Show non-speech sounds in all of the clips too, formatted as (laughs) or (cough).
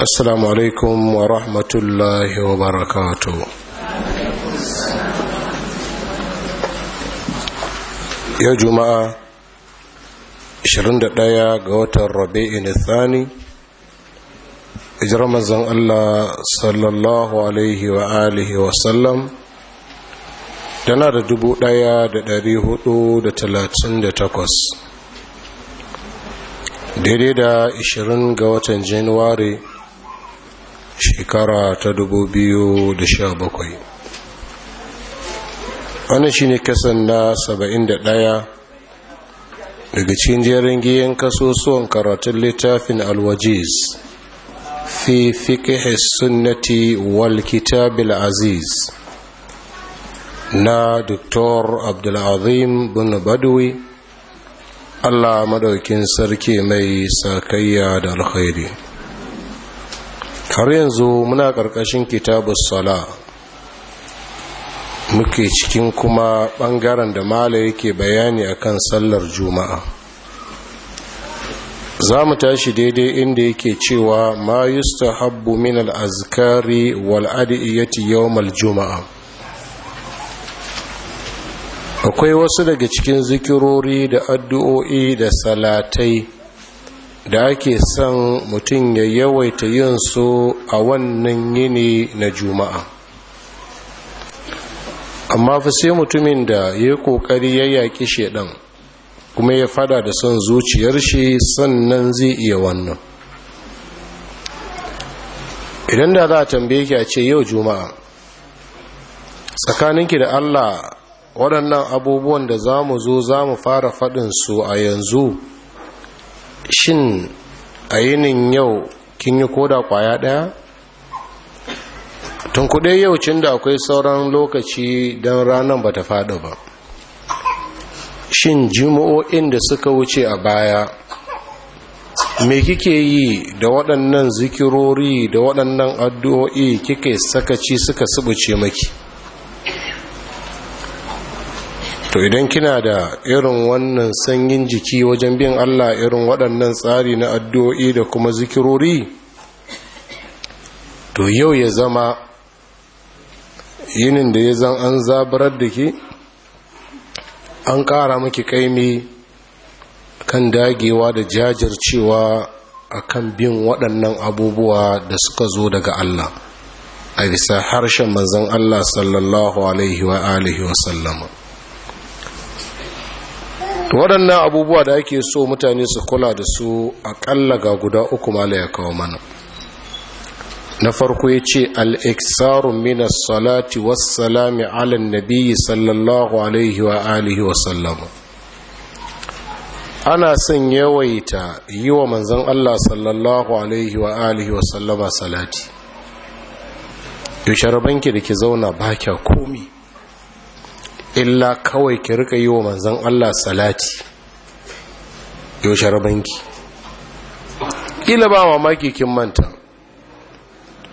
السلام wa ورحمة الله وبركاته يا جماعة 21 ga watan rabi'in thani hijirar manzon Allah sallallahu alaihi wa alihi wa sallam tana da dubu ɗaya da ɗari da talatin da takwas daidai da 20 ga watan januwari shekara ta dubu biyu da sha bakwai. shi shine kasan na saba'in da ɗaya daga cikin jerin giyan karatun littafin alwajiz fi fiƙe sunnati wal kitabil aziz na Dr. abdulazim bin badawi allah madaukin sarki mai sakayya da alkhairi har yanzu muna ƙarƙashin kitabu sala muke cikin kuma ɓangaren da mala yake bayani akan sallar juma'a za mu tashi daidai inda yake cewa ma yusta habbu min al'azkari wal'adiyyati yawmal juma'a akwai wasu daga cikin zikirori da addu'o'i da salatai da ake son mutum ya yawaita yin su a wannan yini na juma'a amma fi sai mutumin da ya kokari ya yaƙi shedan kuma ya fada da son zuciyar shi sannan zai iya wannan idan da za a tambaye ki a ce yau juma'a tsakaninki da allah waɗannan abubuwan da za mu zo za mu fara faɗin su a yanzu shin a yinin yau kin yi koda kwaya daya tun kudai yau cin da akwai sauran lokaci don ranar ba ta faɗi ba shin jima'o'in da suka wuce a baya me kike yi da waɗannan zikirori da waɗannan addu'o'i kike sakaci suka subuce maki to idan kina da irin wannan sanyin jiki wajen bin Allah irin waɗannan tsari na addu'o'i da kuma zikirori to yau ya zama yinin da ya zan an zabarar da ke an ƙara maki kaimi kan dagewa da jajircewa kan bin waɗannan abubuwa da suka zo daga Allah a bisa harshen manzon Allah sallallahu alaihi wa alihi wa waɗannan abubuwa da ake so mutane su kula da su aƙalla ga guda uku mala ya kawo mana na farko ya ce al'iksarun minas salati wassalami alin nabiyyi sallallahu alaihi wa alihi wasallamu ana son yawaita yi wa manzan Allah sallallahu alaihi wa alihi wasallama salati yau sharabanki da ki zauna ba kya komi illa kawai ki rika yi wa manzan Allah salati yau sharabanki ƙila ba mamaki kin manta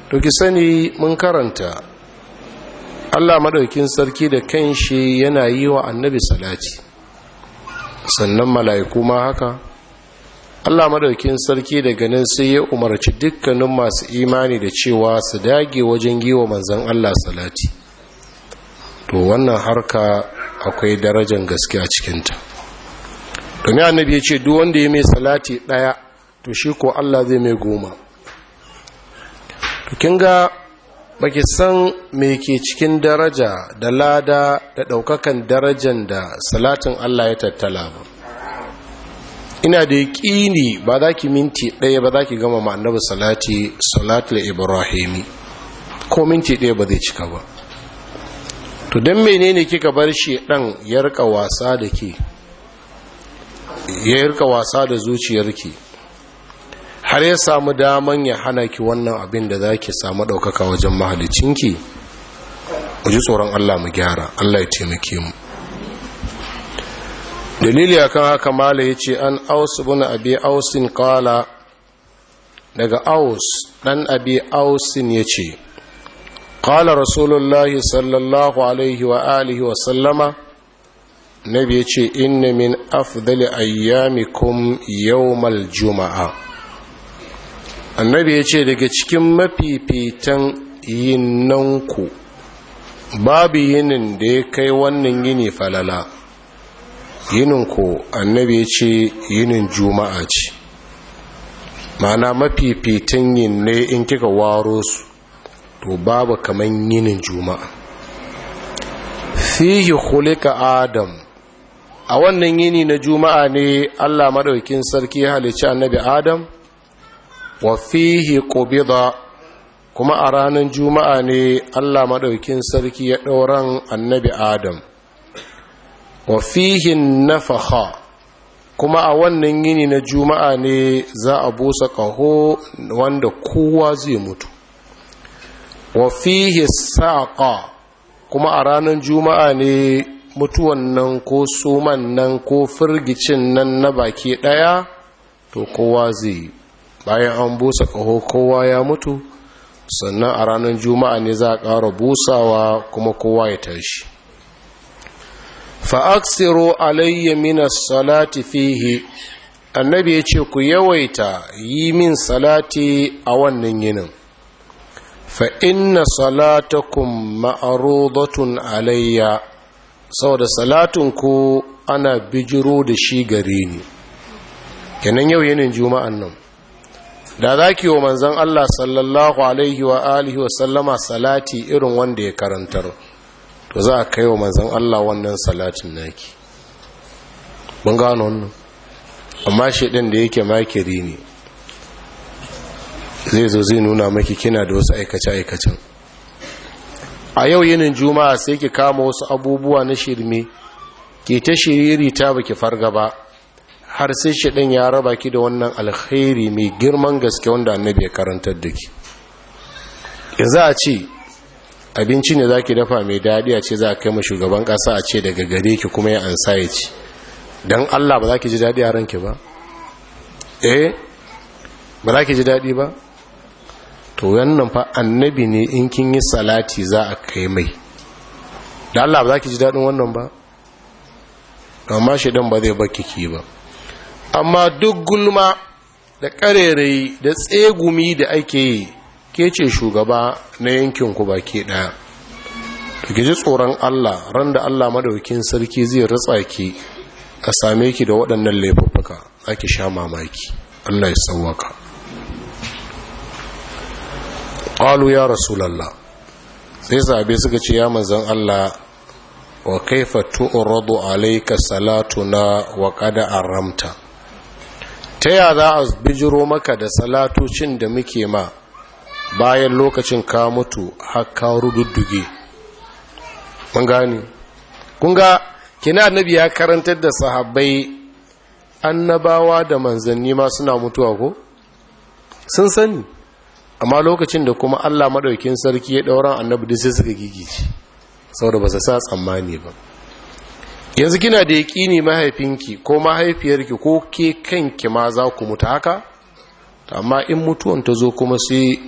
to ki sani mun karanta Allah maɗaukin sarki da kanshi yana yi wa annabi salati sannan mala'iku ma haka Allah maɗaukin sarki daga nan sai ya umarci dukkanin masu imani da cewa su dage wajen yi wa manzan Allah salati to wannan harka akwai darajar gaske a cikinta domin annabi ya ce duk wanda ya mai salati ɗaya to shi ko Allah zai mai goma to kin ga baki san me ke cikin daraja da lada da ɗaukakan darajan da salatin Allah ya tattala ba ina da yaƙini ba za ki minti ɗaya ba za ki gama ma annabi salati salatul ibrahimi ko minti ɗaya ba zai cika ba to don menene kika bar shi ɗan ya wasa da ke ya rika wasa da zuciyarki har ya samu daman ya hana ki wannan abin da za ki samu ɗaukaka wajen mahalicinki ku ji tsoron Allah mu gyara Allah ya taimake mu dalili akan haka mala ya ce an aus bin abi ausin kala daga aus dan abi ausin ya ce qala rasulullahi sallallahu alaihi wa alihi wa sallama nabi yace inna min afdali ayyamikum yawmal juma'a annabi yace daga cikin mafifitan yinnanku babu yinin da ya kai wannan yini falala yininku annabi ya ce yinin juma'a ce mana mafifitan yin ne in kika waro su to babu kaman yinin juma'a fihi hulika adam a wannan yini na juma'a ne Allah maɗaukin sarki ya halicci annabi adam wa fihi qubida kuma a ranar juma'a ne allah maɗaukin sarki ya ɗauran annabi adam wa fihin nafaha kuma a wannan yini na juma'a ne za a busa ƙaho wanda kowa zai mutu wa fihi saqa kuma a ranar juma'a ne mutuwan nan ko suman nan ko firgicin nan na baki ɗaya, to kowa zai bayan an busa kaho kowa ya mutu sannan a ranar juma'a ne za a ƙara busawa kuma kowa ya tashi fa'aksiro alayya minas salati fihi annabi ya ce ku yawaita yi min salati a wannan yinin fa'inna salatakun ma'arudatun alayya saboda salatunku ana bijiro da shi gare ni kenan yau yanin juma'an nan da za ki wa manzan Allah sallallahu alaihi wa alihi wa sallama salati irin wanda ya karantar to za a kai wa manzan Allah wannan salatin naki ban gano wannan amma shi ɗin da yake makiri ne zai zo zai nuna maki kina da wasu aikace-aikacen a yau yinin juma'a sai ki kama wasu abubuwa na shirme ki ta shiriri ta baki farga ba har sai shaɗin ya raba ki da wannan alkhairi mai girman gaske wanda annabi ya karantar da ki yanzu a ce abinci ne za ki dafa mai daɗi a ce za a kai ma shugaban ƙasa a ce daga gare ki kuma ya ansa ya ci don allah ba za ki ji daɗi a ranki ba eh ba za ki ji daɗi ba to wannan fa annabi ne in kin yi salati za a kai mai da Allah ba za ki ji daɗin wannan ba amma shaidan ba zai baki ki ba amma duk gulma da ƙarerayi da tsegumi da ake yi ke ce shugaba na yankin ku baki ɗaya da ji tsoron Allah ran da Allah madaukin sarki zai ratsa ki a same ki da waɗannan laifuffuka za sha mamaki Allah ya sauwaka qalu ya rasu lalla, sai zabe suka ce ya manzon Allah wa kaifa tu'radu salatu na wa qad aramta ta ya za a bijiro maka da salatocin da muke ma bayan lokacin ka mutu har ka mun gani kun ga kina annabi ya karantar da sahabbai annabawa da manzanni ma suna mutuwa ko sun sani amma lokacin da kuma Allah maɗaukin sarki ya ɗauran annabi duk sai suka gigice saboda ba su sa tsammani ba yanzu kina da yaƙini mahaifinki ko mahaifiyarki ko ke kanki ma za ku mutu haka amma in mutuwan ta zo kuma sai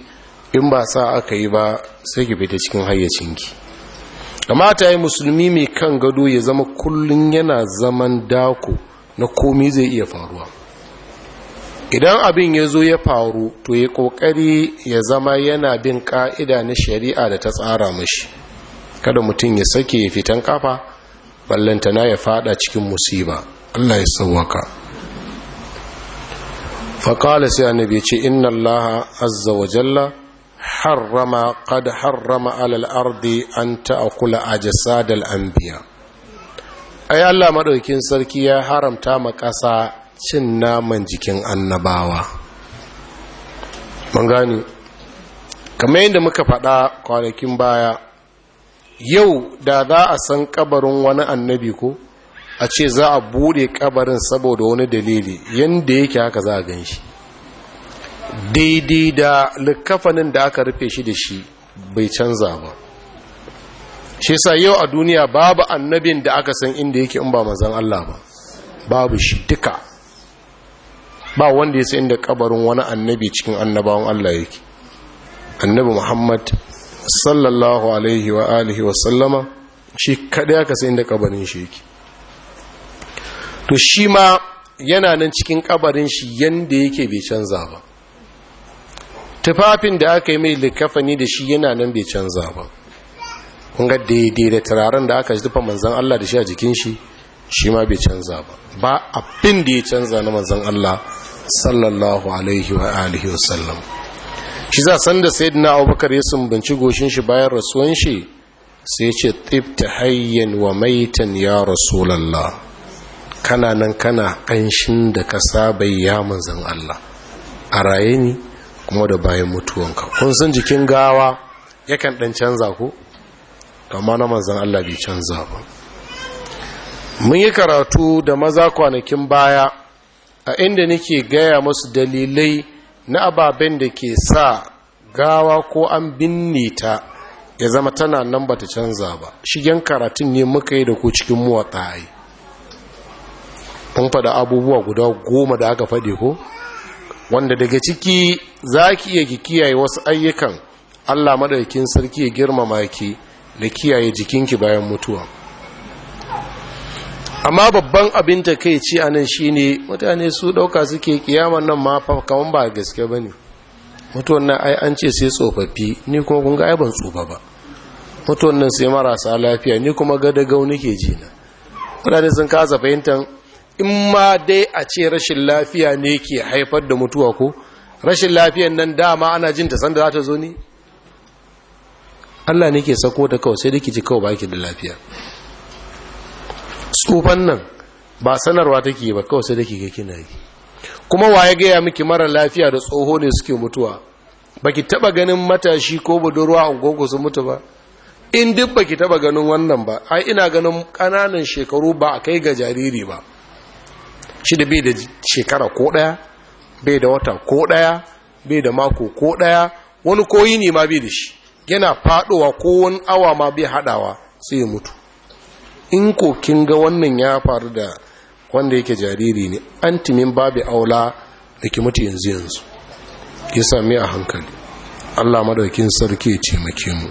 in ba sa aka yi ba sai ki fita cikin hayyacinki kamata yi musulmi mai kan gado ya zama kullum yana zaman dako na komi zai iya faruwa idan abin ya zo ya faru to ya kokari ya zama yana bin ka'ida na shari'a da ta tsara mashi kada mutum ya sake fitan kafa ballantana ya fada cikin musiba Allah ya sauwaka faƙala sai annabi ce inna Allah azza wa jalla harrama qad harrama alal ardi an ta'kula ajsadal anbiya ai Allah maɗaukin sarki ya haramta ma ƙasa cin naman jikin annabawa mun gani kamar yadda muka faɗa kwanakin baya yau da za a san kabarin wani annabi ko a ce za a bude kabarin saboda wani dalili yadda yake haka za a gan shi daidai da likafanin da aka rufe shi da shi bai canza ba shi sa yau a duniya babu annabin da aka san inda yake in ba mazan Allah ba babu shi duka ba wanda ya sayin da kabarin wani annabi cikin annabawan Allah yake annabi Muhammad sallallahu alaihi wa alihi wa sallama shi kada ya kasa da kabarin shi yake to shi ma yana nan cikin kabarin shi yanda yake bai canza ba tufafin da aka yi mai likafani da shi yana nan bai canza ba kun ga daidai da turaren da aka shi tufa manzan Allah da shi a jikin shi shi ma bai canza ba ba abin da ya canza na manzan Allah sallallahu alaihi wa alihi wa sallam shi za san da sayyidina Abubakar ya sumbanci goshin shi bayan rasuwan shi sai ya ce tibta hayyan wa maitan ya rasulallah kana nan kana kanshin da ka saba ya manzan Allah a raye ni kuma da bayan mutuwanka kun san jikin gawa yakan dan canza ko amma na manzan Allah bai canza ba mun yi karatu da maza kwanakin baya a inda nake gaya musu dalilai na ababen da ke sa gawa ko an binne ta ya zama tana nan ba ta canza ba shigen karatun ne muka yi da ku cikin muwa tsaye mun fada abubuwa guda goma da aka faɗi ko wanda daga ciki za ki iya ki kiyaye wasu ayyukan allah maɗaukin sarki ya girmama ki da kiyaye jikinki bayan mutuwa amma babban abin ta kai ci anan ne mutane su ɗauka suke kiyaman nan ma fa ba gaske ba ne. mutuwan nan ai an ce sai tsofaffi ni kuma kun ga ai ban tsofa ba mutuwan nan sai marasa lafiya ni kuma gada gau ke ji na mutane sun kasa fahimtar in ma dai a ce rashin lafiya ne ke haifar da mutuwa ko rashin lafiyan nan dama ana jin ta sanda za ta zo ni Allah ne ke sako da kawai sai da ki ji kawai baki da lafiya tsufan nan ba sanarwa take ba kawai sai take ga kina yi kuma waye gaya miki mara lafiya da tsoho ne suke mutuwa baki taba ganin matashi ko budurwa a gogo su mutu ba in duk baki taba ganin wannan ba ai ina ganin kananan shekaru ba a kai ga jariri ba shi da bai da shekara ko daya bai da wata ko daya bai da mako ko daya wani koyi ne ma bai da shi yana fadowa ko wani awa ma bai hadawa sai mutu in ko kin ga wannan ya faru da wanda yake jariri ne an timin babu aula da ki mutu yanzu yanzu ya sami a hankali Allah madaukin sarki ya taimake mu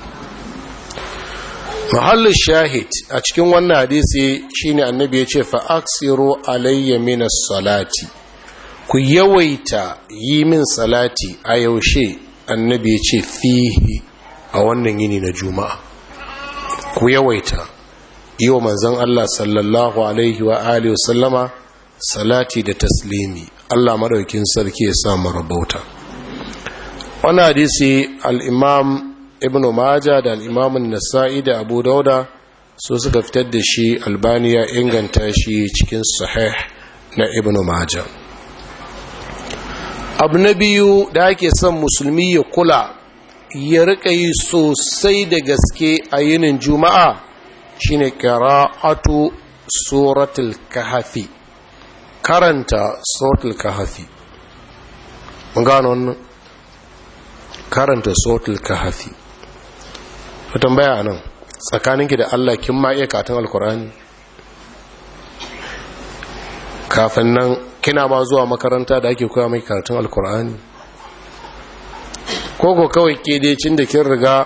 mahallin shahid a cikin wannan hadisi shine annabi ya ce fa aksiru alayya min salati ku yawaita yi min salati a yaushe annabi ya ce fihi a wannan yini na juma'a ku yawaita yi wa manzan Allah sallallahu alaihi wa alihi sallama salati da taslimi Allah maɗaukin sarki ya sa mu rabauta Wani hadisi al’imam ibn maja da al’imamun nasai da abu dauda su suka fitar da shi albani ya inganta shi cikin sahih na ibn maja abu na biyu da ake son musulmi ya kula ya riƙa yi sosai da gaske a yinin juma'a shine qira'atu suratul kahfi karanta suratul kahfi mun gano wannan karanta suratul kahfi ta tambaya nan tsakaninki da Allah kin ma iya katon alkur'ani kafin nan kina ma zuwa makaranta da ake koya mai karatun alkur'ani ko kawai ke da kin riga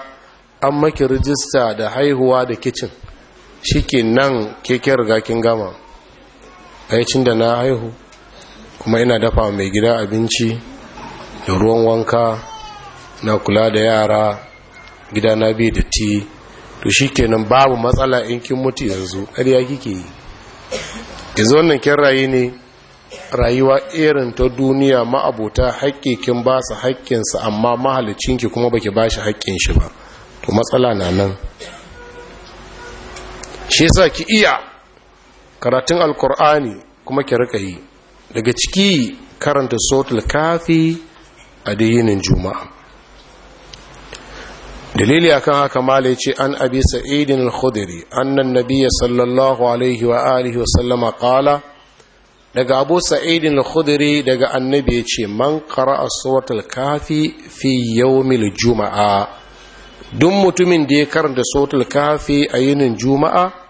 an maki rijista da haihuwa da kicin shi ke nan keke riga kin gama cin da na haihu kuma ina dafa mai gida abinci da ruwan wanka na kula da yara gida na bi da ti to shi kenan babu matsala in kin mutu yanzu ƙarya kike yi yanzu wannan kin rayu ne rayuwa irin ta duniya ma'abota haƙƙiƙin ba su haƙƙinsa amma mahalicinki kuma baki ba shi haƙƙin shi ba to matsala na nan shi yasa ki iya karatun alkur'ani kuma ki rika yi daga ciki karanta sautul kafi a dayinin juma'a dalili akan haka mala ce an abi sa'idin al-khudri annan nabiyya sallallahu alaihi wa alihi wa sallama qala daga abu sa'idin al-khudri daga annabi ya ce man qara'a suratul kafi fi yawmil juma'a duk mutumin da ya karanta suratul kafi a yinin juma'a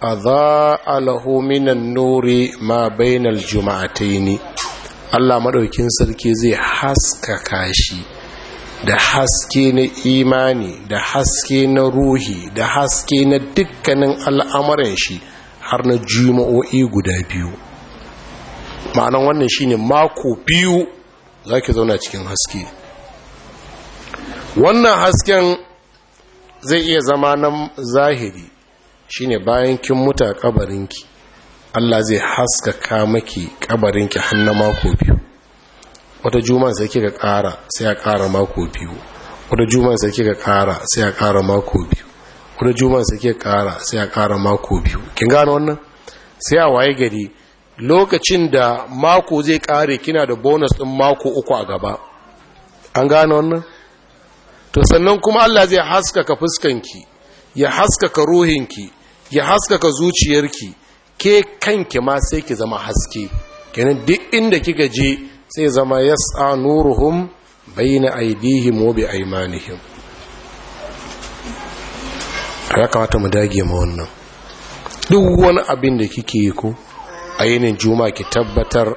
adha'a lahu minan nuri ma bainal juma'ataini Allah maɗaukin sarki zai haskaka shi da haske na imani da haske na ruhi da haske na dukkanin al'amuran shi har na juma'o'i guda biyu ma'anan wannan shine mako biyu Za ki zauna cikin haske wannan hasken zai iya zama na zahiri shine bayan kin muta kabarinki Allah zai haskaka maki kabarinki har na mako biyu wata juma sai kika ƙara sai ya ƙara mako biyu wata juma sai kika ƙara sai ya ƙara mako biyu wata juma sai kika ƙara sai ya ƙara mako biyu kin gane wannan sai a waye gari lokacin da mako zai ƙare kina da bonus ɗin mako uku a gaba an gane wannan to sannan kuma Allah zai haskaka fuskanki ya haskaka ruhinki ya haskaka zuciyarki ke kanki ma sai ki zama haske kenan duk inda kika je sai zama yas'a nuruhum bayna aydihim wa bi aymanihim ya kamata mu dage ma wannan duk wani abin da kike yi ko a yinin juma ki tabbatar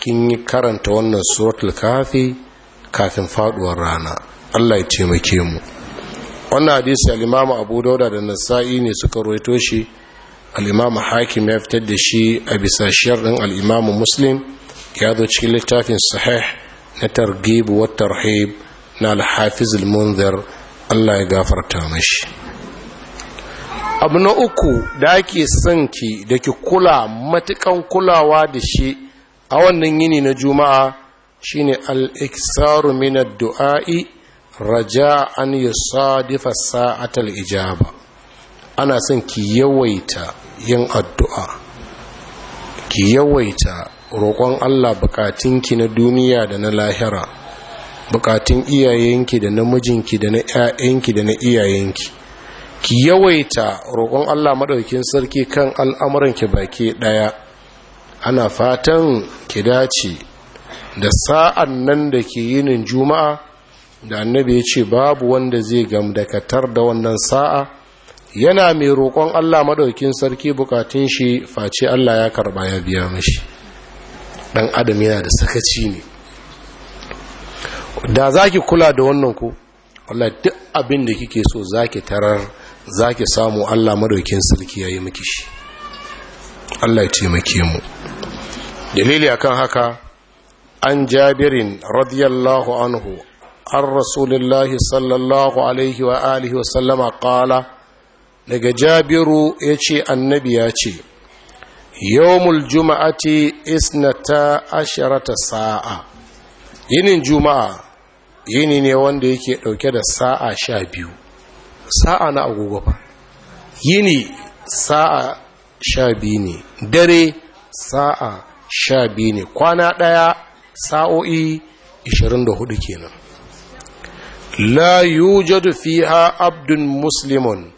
kin yi karanta wannan suratul kafi kafin faduwar rana Allah ya taimake mu wannan hadisi al-imamu abu dauda da nasa'i ne suka roito shi al hakim ya fitar da shi a bisa shiyar din muslim ya zo cikin littafin sahih na targibu wa tarhib na al-hafiz Allah ya gafarta mashi abu na uku da ake son ki da ki kula matukan kulawa da shi a wannan yini na juma'a shine al-iksaru min ad-du'a'i raja an yi sadifa sa'atal ijaba ana son ki yawaita yin addu'a ki yawaita roƙon Allah bukatunki na duniya da na lahira bukatun iyayenki da na mijinki da na ‘ya'yanki da na iyayenki ki yawaita roƙon Allah maɗaukin sarki kan al'amuranki baki ɗaya ana fatan ki dace da sa'an nan da ke yinin juma'a da annabi ya ce babu wanda zai gamdakatar da wannan sa'a yana mai roƙon Allah maɗaukin sarki bukatun shi face Allah ya karɓa ya biya mashi ɗan adam yana da sakaci ne da za ki kula da wannan ku Allah duk abin da kike so za ki tarar za ki samu Allah maɗaukin sarki ya yi miki shi Allah ya taimake mu dalili akan haka an jabirin radiyallahu anhu an rasulillahi sallallahu alaihi wa alihi wa sallama kala daga jabiru ya ce annabi ya ce yawmul juma'ati isnata asharata sa'a yinin juma'a yini ne wanda yake dauke da sa'a sha biyu sa'a na agogo ba yini sa'a sha biyu ne dare sa'a sha biyu ne kwana ɗaya sa'o'i 24 kenan la يوجد fiha abdun مسلم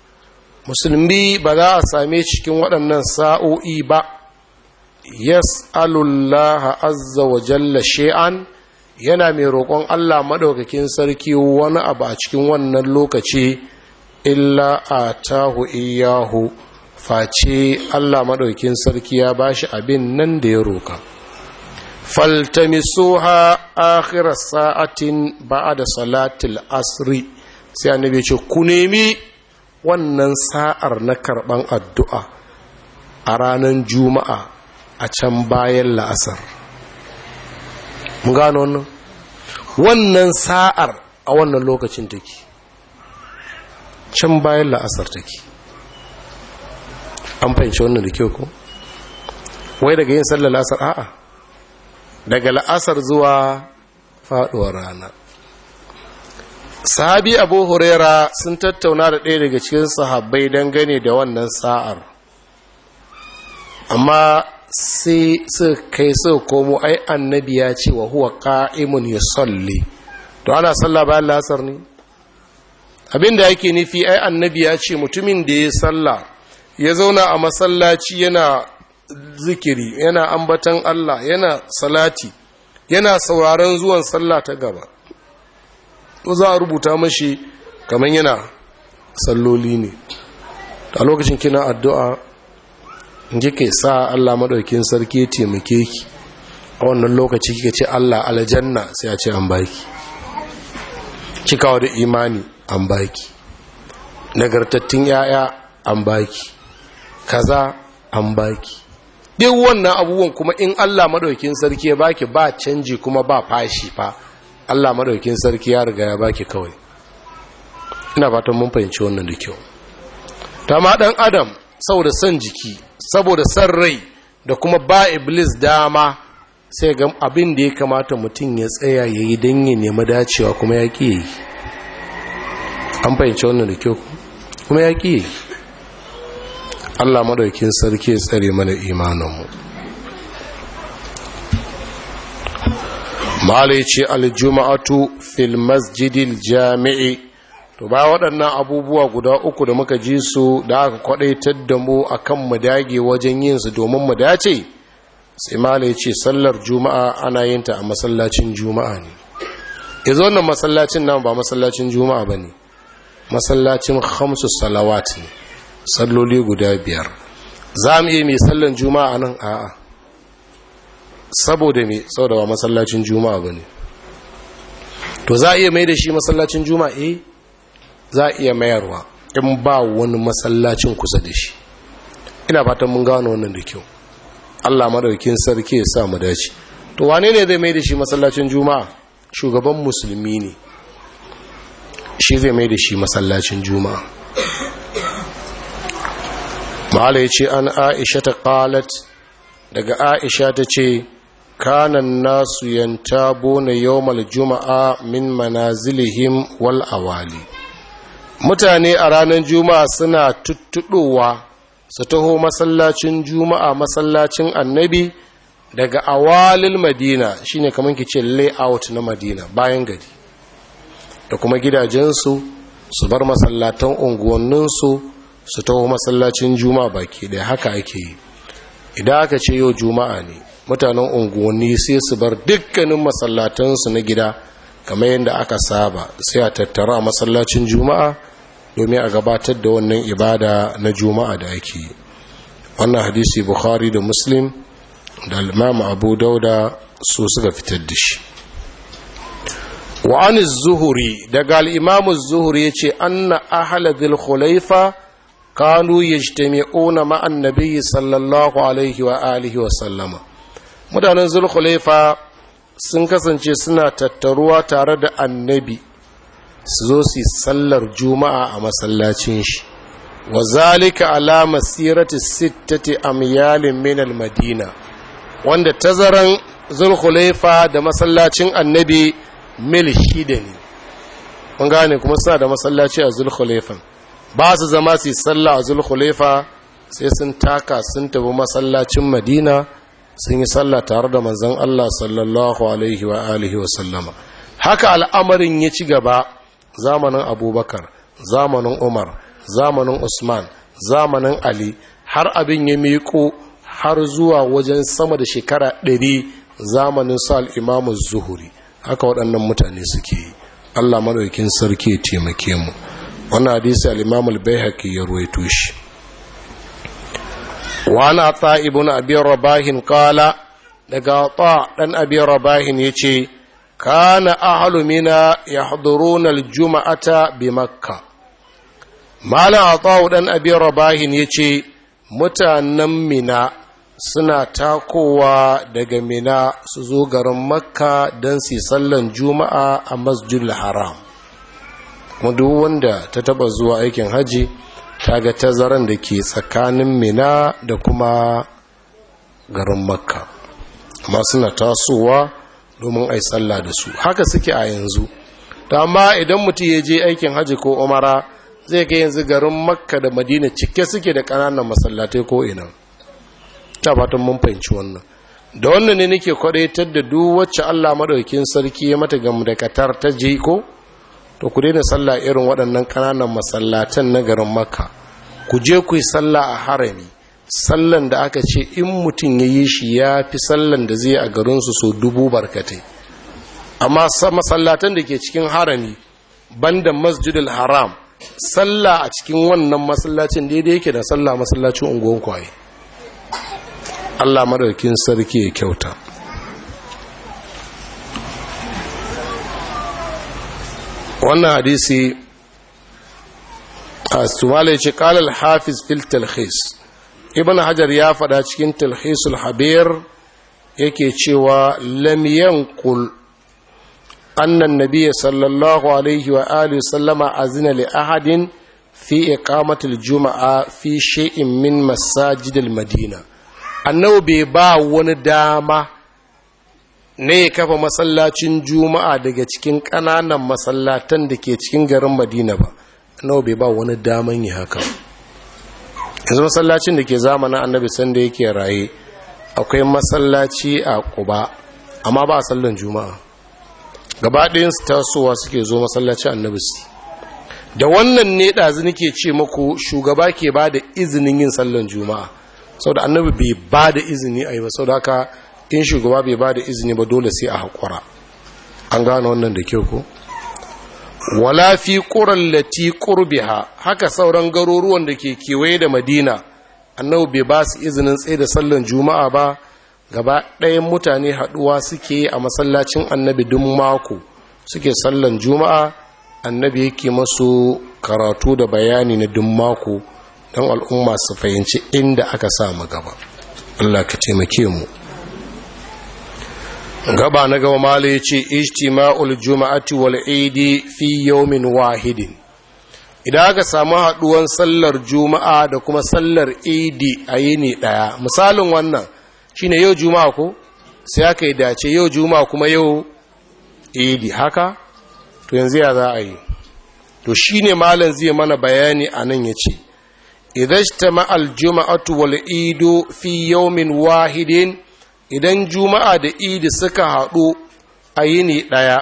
musulmi ba za a same cikin waɗannan sa'o'i ba الله azza wa شيئا yana mai roƙon Allah maɗaukakin sarki wani abu a cikin wannan lokaci illa a tahu iyahu face Allah maɗaukakin sarki ya bashi abin nan da ya roƙa faltamisuha akhirar sa'atin da salatil asri sai annabi ce ku nemi wannan sa'ar na karban addu'a a ranar juma'a a can bayan la'asar mun gano wannan wannan sa'ar a wannan lokacin take can bayan la'asar take an fahimci wannan da kyau ko wai daga yin sallar la'asar a'a daga la'asar zuwa faduwar rana sahabi abu huraira sun tattauna da ɗaya daga cikin sahabbai gane da wannan sa'ar amma sai su kai su komo ai annabi ya ce wa huwa qa'imun yusalli to ana sallah bayan la'asar ne abinda yake nufi ai annabi ya ce mutumin da ya sallah ya zauna a masallaci yana zikiri yana ambatan Allah yana salati yana sauraron zuwan sallah ta gaba to za a rubuta mashi kamar yana salloli ne a lokacin kina addu'a in ke sa Allah madaukin sarki ya taimake ki a wannan lokaci kika ce Allah aljanna sai a ce an baki kika da imani an baki nagartattun yaya an baki kaza an baki duk wannan abubuwan kuma in Allah madaukin sarki ya baki ba canji kuma ba fashi fa Allah maɗaukin sarki ya riga ya baki kawai ina fatan mun fahimci wannan da kyau tama ɗan adam saboda son jiki saboda san rai da kuma ba iblis dama sai ga abin da ya kamata mutum ya tsaya ya yi don ya nemi dacewa kuma ya ƙi yi an fahimci wannan da kyau kuma ya ƙi yi Allah madaukin sarki tsare mana imaninmu mu ce aljuma'atu fil masjidil jami'i to ba waɗannan abubuwa guda uku da muka ji su da aka kwadaitar da mu akan mu dage wajen yin su domin mu dace sai malai ce sallar juma'a ana yin ta a masallacin juma'a ne yanzu wannan masallacin nan ba masallacin juma'a bane masallacin khamsu salawat ne salloli guda biyar za mu iya mai sallan juma'a nan a'a saboda mai wa masallacin juma'a ba ne to za a iya mai da shi masallacin juma'a eh za a iya mayarwa in ba wani masallacin kusa da shi ina fatan mun gano wannan da kyau allah madaukin sarki ya sa mu dace to wane ne zai mai da shi masallacin juma'a shugaban musulmi ne shi zai mai da shi masallacin juma'a mahala ce an aisha ta kalat daga aisha ta ce kanan nasu yanta bona yawmal juma'a min manazilihim wal awali mutane a ranar juma'a suna tuttuɗowa su taho masallacin juma'a masallacin annabi daga awalin madina shine kamar ki ce layout na madina bayan gari da kuma gidajensu su bar masallatan unguwanninsu su taho masallacin juma'a baki ɗaya haka ake yi idan aka ce yau juma'a ne mutanen unguwanni sai su bar dukkanin masallatansu na gida kamar yadda aka saba sai a tattara a masallacin juma'a domin a gabatar da wannan ibada na juma'a da ake yi wannan hadisi bukhari da muslim da almamu abu dauda su suka fitar da shi wa'anis zuhuri daga al'imamus zuhuri ya ce an na ahaladil khulaifa kanu yajtami'una ma'an nabiyyi sallallahu alaihi wa alihi wa sallama mutanen zulkhulaifa sun kasance suna tattaruwa tare da annabi su zo su sallar juma'a a masallacin shi wa zalika ala masirati sittati amyalin min madina wanda tazaran zulkhulaifa da masallacin annabi mil shida ne mun gane kuma suna da masallaci a zulkhulaifan ba su zama su yi sallah a zulhulefa sai sun taka sun tabi masallacin madina sun yi sallah tare da manzon Allah sallallahu alaihi wa alihi wa sallama haka al'amarin ya ci gaba zamanin abubakar zamanin umar zamanin usman zamanin ali har abin ya miƙo har zuwa wajen sama da shekara ɗari zamanin sal imamu zuhuri haka waɗannan mutane suke yi allah maɗaukin sarki ya taimake mu wannan hadisi al-imam al-baihaqi ya ruwaito shi wa ana ta ibn abi rabahin qala daga ta dan abi rabahin yace kana ahlu mina yahduruna al-jum'ata bi makkah malam ta dan abi rabahin yace mutanen mina suna takowa daga mina su zo garin makka don su sallan juma'a a masjidul haram kuma duk wanda ta taba zuwa aikin haji ta ga tazaran da ke tsakanin mina da kuma garin makka amma suna tasowa domin a yi tsalla da su haka suke a yanzu ta amma idan mutum ya je aikin haji ko umara zai ga yanzu garin makka da madina cike suke da ƙananan masallatai ko ina ta fatan mun fahimci wannan da wannan ne nake kwadaitar da duk wacce allah maɗaukin sarki ya mata gamdakatar ta je ko to ku daina sallah irin waɗannan ƙananan masallatan na garin makka ku je ku yi sallah a harami sallan da aka ce in mutum ya yi shi ya fi sallan da zai a garinsu so dubu barkatai amma masallatan da ke cikin harami banda masjidil haram sallah a cikin wannan masallacin daidai yake da sallah masallacin unguwan kwaye Allah sarki ya kyauta wannan hadisi a stumala ce kalal hafiz fil talhis ibn hajar ya faɗa cikin talhisul habir yake cewa lamiyan kul annan nabiya sallallahu alaihi wa alihi sallama azina li ahadin fi iqamatil juma'a fi shay'in min masajidil madina annabi bai ba wani dama ne ya kafa masallacin juma'a daga cikin ƙananan masallatan da ke cikin garin madina ba nawa bai ba wani daman yi haka yanzu masallacin da ke zamanin annabi sanda yake raye akwai masallaci a kuba amma ba a sallan juma'a Gaba gabaɗayansu tasowa suke zo masallaci annabi su da wannan ne ɗazu ke ce maku shugaba ke ba da izinin yin sallan juma'a sau da annabi bai ba da izini a yi ba sau da haka in shugaba bai ba da izini ba dole sai a haƙura an gane wannan da kyau ko wala fi ƙuran lati ƙurbiha haka sauran garuruwan da ke kewaye da madina annabi bai ba su izinin tsaye da sallan juma'a ba gaba ɗayan mutane haɗuwa suke a masallacin annabi duk mako suke sallan juma'a annabi yake masu karatu da bayani na duk mako don al'umma su fahimci inda aka sa mu gaba Allah ka taimake mu gaba na gaba mala ya ce ijtima'ul juma'ati wal idi fi yawmin wahidin idan aka samu haduwan sallar juma'a da kuma sallar idi a yini daya misalin wannan shine yau juma'a ko sai aka yi dace yau juma'a kuma yau idi haka to yanzu ya za a yi to shine malam zai mana bayani a nan ya ce idajtama al juma'atu wal idu fi yawmin wahidin idan juma'a da idi suka haɗu a yini ɗaya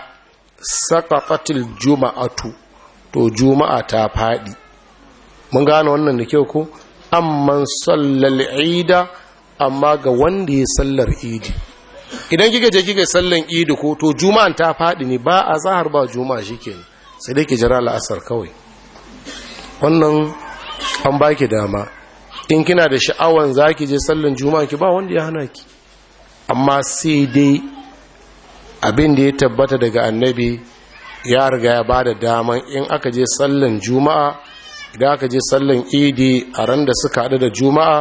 sakafatil juma'atu to juma'a ta faɗi mun gane wannan da kyau ko amman sallar ida amma ga wanda ya sallar idi idan kika je kika sallar idi ko to juma'an ta faɗi ne ba a zahar ba juma'a shi ke sai dai ki jira la'asar kawai wannan an baki dama in kina da sha'awan ki je sallar juma'a ki ba wanda ya hana ki amma sai dai abin da ya tabbata daga annabi ya riga ya bada daman in aka je sallan juma'a idan aka je sallan idi a ran da suka haɗu da juma'a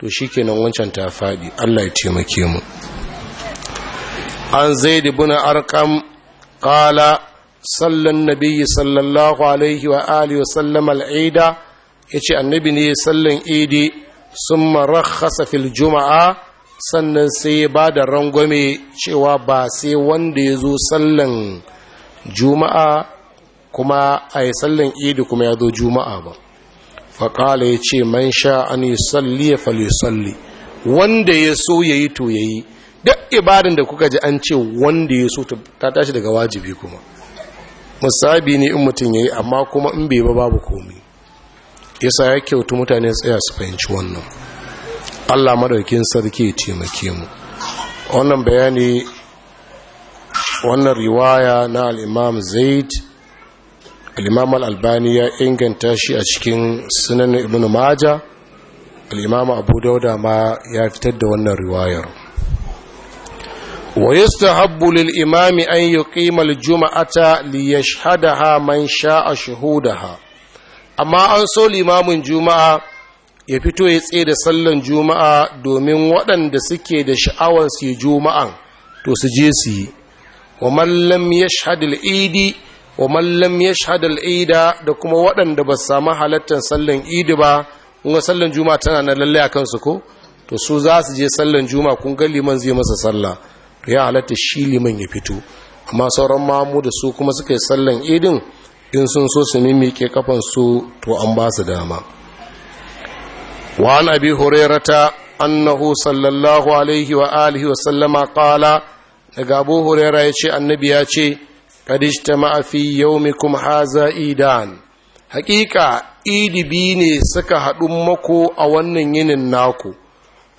to shi shikenan wancan ta fadi Allah ya taimake mu an zaid ibn arqam qala sallan Nabiyyi, sallallahu alaihi wa alihi wa sallam al-ida yace annabi ne sallan idi summa rakhasa fil juma'a sannan sai ya ba da rangwame cewa ba sai wanda ya zo sallan juma'a kuma a yi sallan idi kuma ya zo juma'a ba faƙala ya ce man sha an yi salli ya fali salli wanda ya so ya yi to ya yi duk ibadin da kuka ji an ce wanda ya so ta tashi daga wajibi kuma musabi ne in mutum ya yi amma kuma in bai ba babu komi yasa ya kyautu mutane tsaya su fahimci wannan Allah madaukin sarki ya taimake mu wannan bayani wannan riwaya na Alimam Zaid al albani ya inganta shi a cikin Sunan Ibn Maja. Alimam Abu dauda ma ya fitar da wannan riwayar Wa ويستحب للإمام أن juma'ata الجمعة man sha a شهودها amma an so limamin juma'a ya fito ya tsaye da sallan juma'a domin waɗanda suke da sha'awar su yi juma'an to su je su yi wa mallam ya shahadar idi wa mallam ya shahadar ida da kuma waɗanda ba samu halattar sallan idi ba kuma sallan juma'a tana na lalle a kansu ko to su za su je sallan juma'a kun ga liman zai masa sallah to ya halatta shi liman ya fito amma sauran mamu da su kuma suka yi sallan idin in sun so su mimike kafan su to an ba su dama وعن أبي هريرة أنه صلى الله عليه وآله وسلم قال daga abu huraira ya ce annabi ya ce ma'afi fi yaumikum haza idan hakika idibi ne suka haɗu mako a wannan yinin naku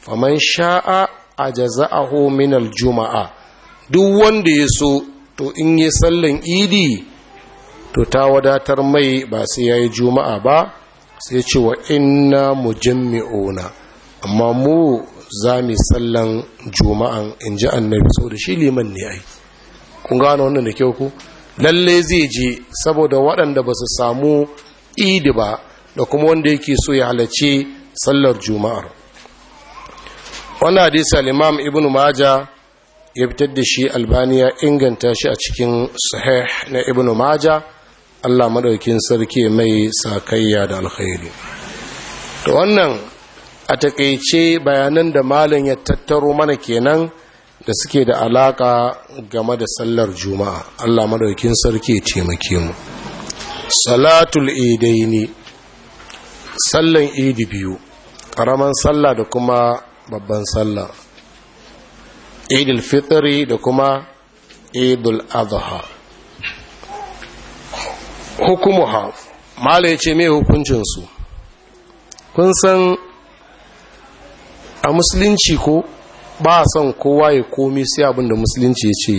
faman sha'a a jaza'ahu min Juma'a. duk wanda ya so to in yi sallan idi to ta wadatar mai ba sai yayi juma'a ba sai ce wa mu mujammi'una amma mu za mu sallan juma'an in ji annabi da shi liman ne ai kun gano wannan da kyau ku lalle zai je saboda waɗanda ba su samu idi ba da kuma wanda yake so ya halarci sallar juma'ar Wani hadisi Limam Ibn ibnu maja ya fitar da shi albaniya inganta shi a cikin sahih na Ibn maja Allah maɗaukin sarki mai sakayya da alkhairi to wannan a takeice bayanan da malin ya tattaro mana kenan da suke da alaka game da sallar juma'a Allah maɗaukin sarki taimake mu salatul idaini sallan idi biyu karaman sallah da kuma babban Salla, idil fitri da kuma idul adha hukumuha mala ya ce mai hukuncinsu kun san a musulunci ko ba a son kowa ya komi sai abin musulunci ya ce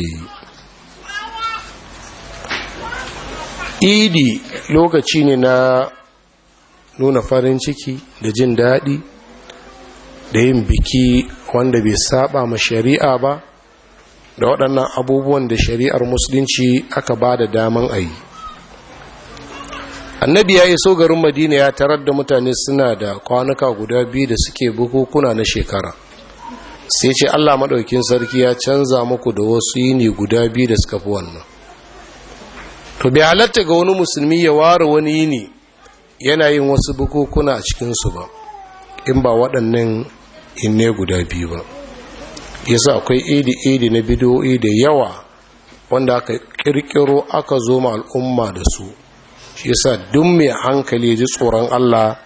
idi lokaci ne na nuna farin ciki da jin daɗi da yin biki wanda bai saba ma shari'a ba da waɗannan abubuwan da shari'ar musulunci aka ba da daman a yi annabi ya iso garin madina ya tarar da mutane suna da kwanuka guda biyu da suke bukukuna na shekara sai ce allah maɗaukin sarki ya canza muku da wasu yini guda biyu da suka fi wannan to bai halatta ga wani musulmi ya ware wani yini yana yin wasu bukukuna a cikinsu ba in ba waɗannan inne guda biyu ba yasa akwai idi-idi na bidoyi da yawa wanda aka ƙirƙiro aka zo ma al'umma da su shi yasa duk mai hankali ji tsoron Allah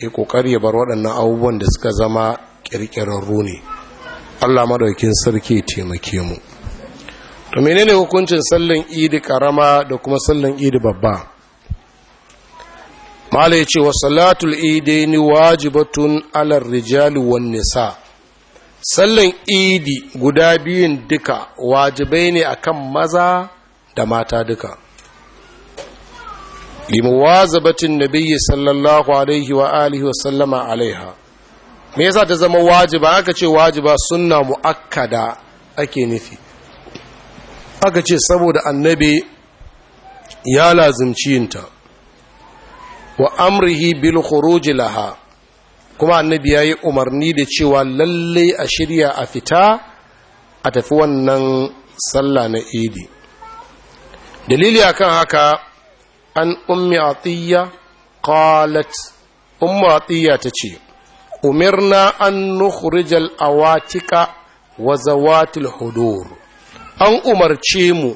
ya kokari ya bar waɗannan abubuwan da suka zama kirkirarru ne Allah madaukin sarki taimake mu to menene hukuncin sallan idi karama da kuma sallan idi babba malai ce wa salatul idaini wajibatun alar rijali wan nisa sallan idi guda biyun duka wajibai ne akan maza da mata duka limuwazabatin nabiyyi sallallahu alaihi wa alihi wa sallama alaiha me yasa ta zama wajiba aka ce wajiba sunna muakkada ake nufi aka ce saboda annabi ya lazimci yinta wa amrihi bil khuruj laha kuma annabi yayi umarni da cewa lalle a shirya a fita a tafi wannan sallah na idi dalili akan haka an ummi atiyya qalat ummu atiyya tace umirna an al awatika wa zawatil hudur an umarce mu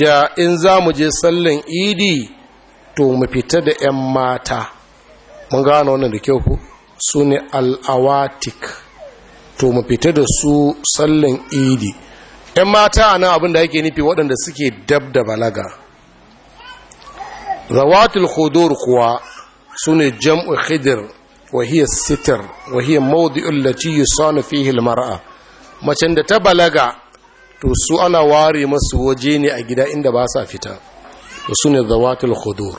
da in za mu je sallan idi to mu fita da 'yan mata mun gano wannan da kyau ku su ne al'awatik to mu fita da su sallan idi ‘yan mata a nan abin da ake nufi waɗanda suke dab da balaga zawatul khudur kuwa sune jam'u khidir wahiyar hiya sitir wa hiya mawdi'u allati yusanu fihi almar'a macen da ta balaga to su ana ware masu waje ne a gida inda ba sa fita to sune zawatul khudur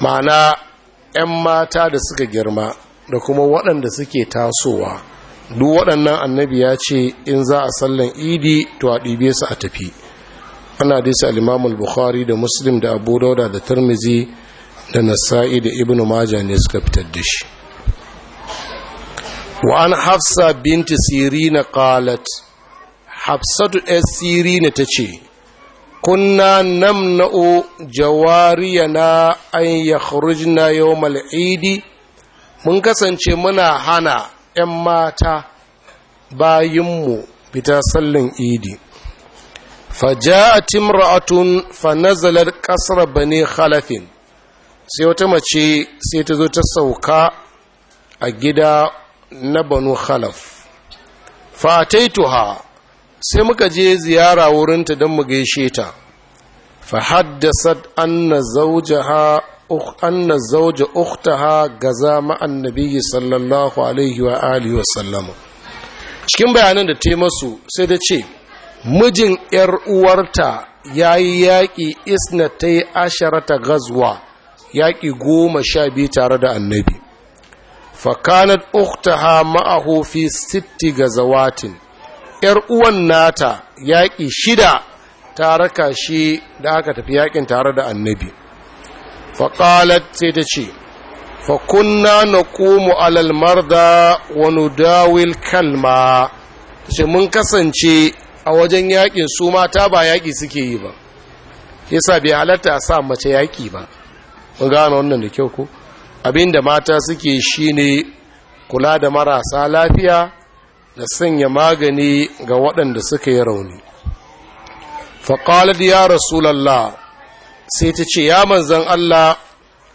ma'ana 'yan mata da suka girma da kuma waɗanda suke tasowa duk waɗannan annabi ya ce in za a sallan idi to a ɗibe su a tafi ana hadisi al-imam bukhari da muslim da abu dauda da tirmizi da nasa'i da ibn majah ne suka fitar da shi wa an hafsa binti sirina qalat hafsatu as sirina tace kunna namna'u jawariyana an na yawmal eid mun kasance muna hana 'yan mata bayinmu fita sallin idi فجاءت امرأة فنزلت قصر بني خلف sai wata mace sai ta zo ta sauka a gida na banu khalaf fataituha sai muka je ziyara wurinta don mu gaishe ta fa haddasat anna zawjaha anna zawja ukhtaha gaza ma annabi sallallahu alaihi wa alihi wa sallam cikin bayanan da ta yi masu sai da ce mijin ‘yar uwarta ya yi yaƙi isna ta ashara ta gazwa yaƙi goma sha biyu tare da annabi fakanat uktaha ma'ahu fi sitti Zawatin ‘yar uwan nata yaƙi shida ta raka shi da aka tafi yaƙin tare da annabi Fakalar sai ta ce fakunna na komo alalmar da wani dawil kalma ce mun kasance a wajen yakin su mata ba yaki suke yi ba yasa bai halatta a sa mace yaki ba mun gano wannan da kyau ko abinda mata suke shine kula da marasa lafiya da sanya magani ga waɗanda suka yi rauni faƙalar ya rasulallah sai ta ce ya manzan Allah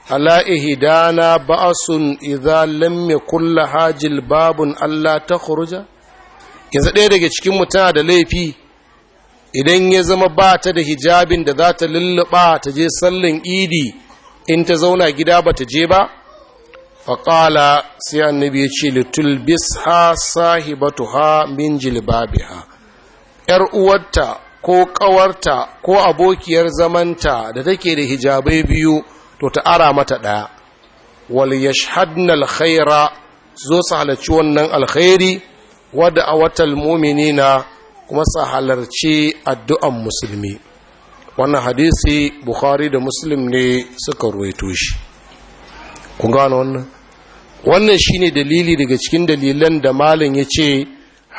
ala ihdana ba'asun idza lam yakul hajil babun Allah ta khuruja yanzu ɗaya daga cikin tana da laifi idan ya zama ba ta da hijabin da za ta lulluɓa ta je sallin idi in ta zauna gida ba ta je ba faƙala sai annabi ya ce litul bisha ha min jilbabiha ‘yar uwarta ko ƙawarta ko abokiyar zamanta da take da hijabai biyu to ta ara mata ɗaya wal yashhadna alkhaira zo su halarci wannan alkhairi wadda a watan na kuma sa halarci addu'an musulmi wannan hadisi bukhari da muslim ne suka ruwaito shi Ku gano wannan wannan shi ne dalili daga cikin dalilan da malin ya ce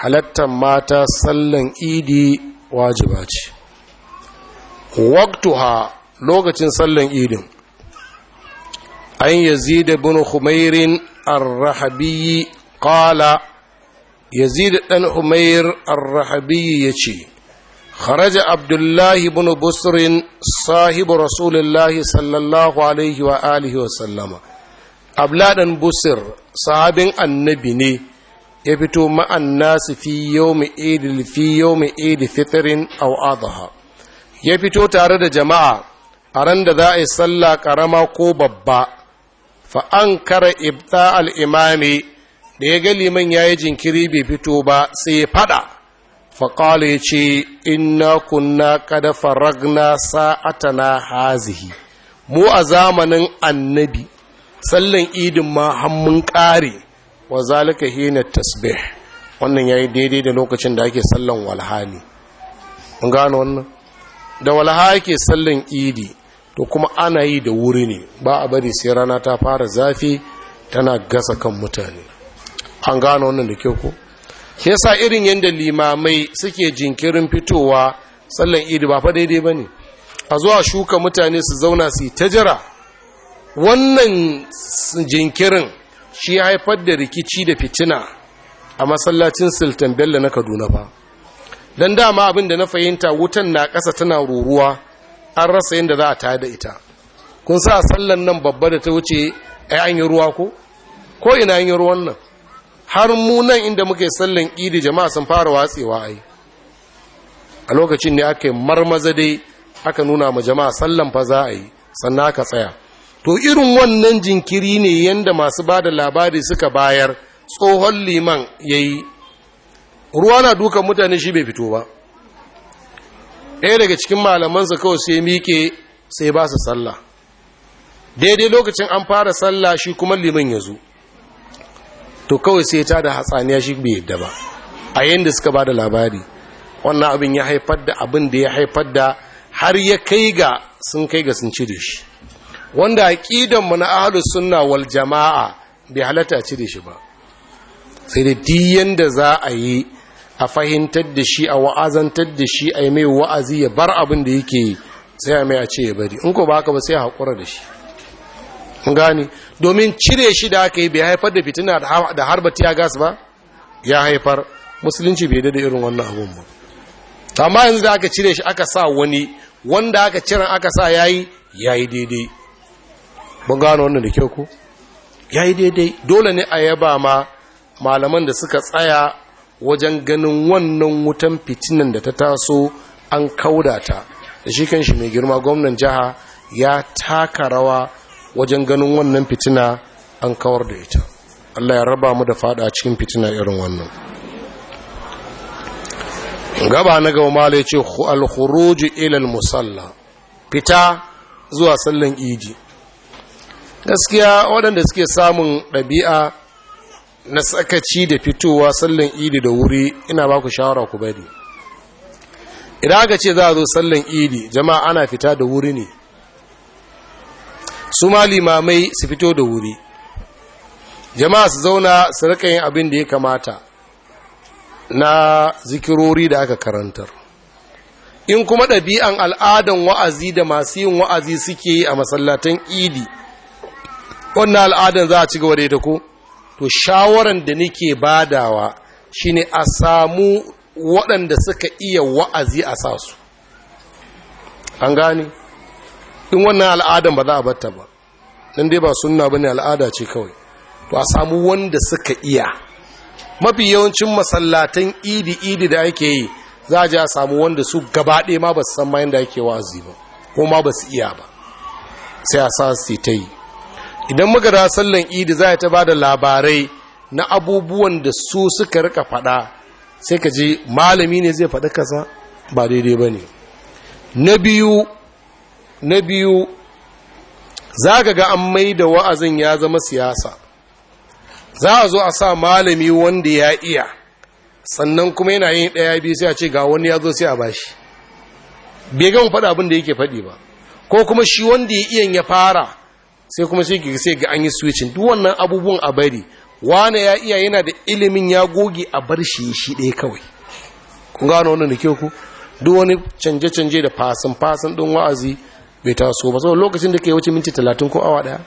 halattar mata sallan idi wajiba ce waktuha lokacin sallan idin an da bin humairin al rahabi yazid dan umair ar-rahabi yace kharaja abdullahi ibn busr sahibu rasulullahi sallallahu alaihi wa alihi wa sallama busir sahabin annabi ne ya fito ma'an nasu fi yawmi idil fi ya fito tare da jama'a a da za a yi sallah ƙarama ko babba fa ankara ibta al imami da ya ga liman ya yi jinkiri bai fito ba sai ya fada faƙala ya ce inna kunna kada faragna sa'atana hazihi mu a zamanin annabi sallan idin ma hannun ƙare wa zalika hina tasbih wannan ya yi daidai da lokacin da ake sallan walhali an gano wannan da walhali ake sallan idi to kuma ana yi da wuri ne ba a bari sai rana ta fara zafi tana gasa kan mutane an gano wannan da kyau ko ke sa irin yadda limamai suke jinkirin fitowa sallar idi ba fa daidai ba ne a zuwa shuka mutane su zauna su ta jira wannan jinkirin shi haifar da rikici da fitina a masallacin sultan bello na kaduna ba don dama abin da na fahimta wutan na ƙasa tana ruruwa an rasa yadda za a ta da ita kun sa sallan nan babba da ta wuce a an ruwa ko ko ina ruwan nan har mu nan inda muke sallan idi jama'a sun fara watsewa ai a lokacin ne aka yi marmaza dai aka nuna ma jama'a sallan fa za a yi sannan aka tsaya to irin wannan jinkiri ne yanda masu ba da labari suka bayar tsohon liman ya yi ruwa na dukan mutane shi bai fito ba ɗaya daga cikin malamansa kawai sai miƙe sai ba su sallah daidai lokacin an fara sallah shi kuma liman ya zo to kawai sai ta da hatsaniya shi bai yadda ba a yadda suka ba da labari wannan abin ya haifar da abin da ya haifar da har ya kai ga sun kai ga sun cire shi wanda aqidan mu na ahlus sunna wal jamaa bai halatta cire shi ba sai da diyan da za a yi a fahimtar da shi a wa'azantar da shi a yi mai wa'azi ya bar abin da yake yi sai a mai a ce ya bari in ko ba haka ba sai a haƙura da shi gani domin cire shi da aka yi bai haifar da fitina da harba tiyagas gas ba ya haifar musulunci bai da irin wannan abun ba amma yanzu da aka cire shi aka sa wani wanda aka cire aka sa ya yi ya yi daidai mun gano wannan da kyau ko yi daidai dole ne a yaba ma malaman da suka tsaya wajen ganin wannan wutan fitinan da ta taso an kauda ta da shi kan shi mai girma gwamnan jiha ya taka rawa wajen ganin wannan fitina an kawar da ita Allah ya raba mu da fada cikin fitina irin wannan gaba na gaba malai ce al-khuruj ila musalla fita zuwa sallan idi gaskiya waɗanda suke samun ɗabi'a na sakaci da fitowa sallan idi da wuri ina ba ku shawara ku bari idan aka ce za a zo sallan idi jama'a ana fita da wuri ne su ma limamai su fito da wuri jama'a su zauna su rika yin abin da ya kamata na zikirori da aka karantar in kuma ɗabi'an al'adan wa'azi da masu yin wa'azi suke yi a masallatan idi wannan al'adan za a ci gaba da ita ko to shawaran da nake badawa shine a samu waɗanda suka iya wa'azi a sa su an gani in wannan al'adan ba za a batta ba nan dai ba ba ne al'ada ce kawai to a samu wanda suka iya mafi yawancin masallatan idi idi da ake yi za a ji a samu wanda su gabaɗe ma ba su san mayan da ake wazi ba ko ma ba su iya ba sai a sa su ta yi idan muka da sallan idi za a ta ba da labarai na abubuwan da su suka rika faɗa sai ka ji malami ne zai faɗi kasa ba daidai ba ne na biyu na biyu za ka ga an mai da wa'azin ya zama siyasa za a zo a sa malami wanda ya iya sannan kuma yana yin ɗaya biyu sai a ce ga wani ya zo sai a bashi bai gama faɗa abin da yake faɗi ba ko kuma shi wanda ya iya ya fara sai kuma sai ga an yi switching duk wannan abubuwan a bari wane ya iya yana da ilimin ya goge a bar shi shi ɗaya kawai kun gano wannan da kyau ku duk wani canje-canje da fasin-fasin ɗin wa'azi bai ta so ba saboda lokacin da ke wuce minti talatin ko awa daya